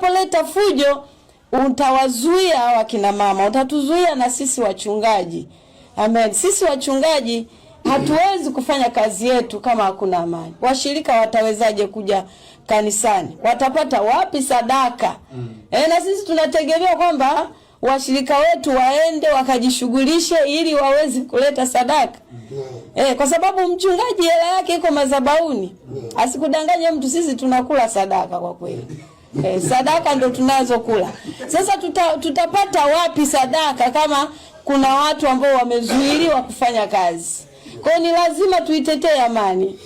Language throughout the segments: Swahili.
unapoleta fujo utawazuia wakina mama, utatuzuia na sisi wachungaji. Amen. Sisi wachungaji hatuwezi kufanya kazi yetu kama hakuna amani. Washirika watawezaje kuja kanisani? Watapata wapi sadaka? Mm. E, na sisi tunategemea kwamba washirika wetu waende wakajishughulishe ili waweze kuleta sadaka. Mm. E, kwa sababu mchungaji hela yake iko madhabahuni. Mm. Asikudanganye mtu, sisi tunakula sadaka kwa kweli. Eh, sadaka ndo tunazokula. Sasa tuta, tutapata wapi sadaka kama kuna watu ambao wamezuiliwa kufanya kazi? Kwa hiyo ni lazima tuitetee amani,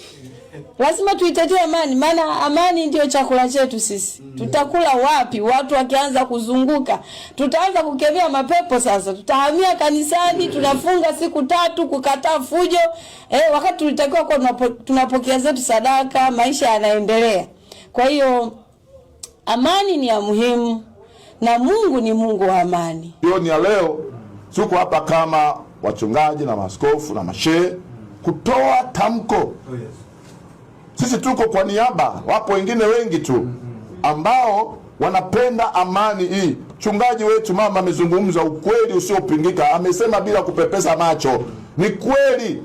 lazima tuitetee amani, maana amani ndio chakula chetu sisi. Tutakula wapi? Watu wakianza kuzunguka, tutaanza kukemea mapepo. Sasa tutahamia kanisani, tunafunga siku tatu kukataa fujo eh, wakati tulitakiwa kuwa tunapokea zetu sadaka, maisha yanaendelea. Kwa hiyo Amani ni ya muhimu na Mungu ni Mungu wa amani. Jioni ya leo tuko hapa kama wachungaji na maaskofu na mashehe kutoa tamko. Oh, Sisi tuko kwa niaba, wapo wengine wengi tu ambao wanapenda amani hii. Mchungaji wetu mama amezungumza ukweli usiopingika, amesema bila kupepesa macho, ni kweli.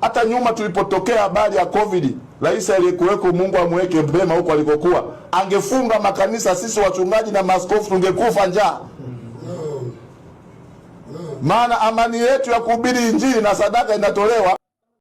Hata nyuma tulipotokea habari ya COVID, rais aliyekuweko, Mungu amweke mbema huko alikokuwa, angefunga makanisa, sisi wachungaji na maskofu tungekufa njaa. Maana amani yetu ya kuhubiri injili na sadaka inatolewa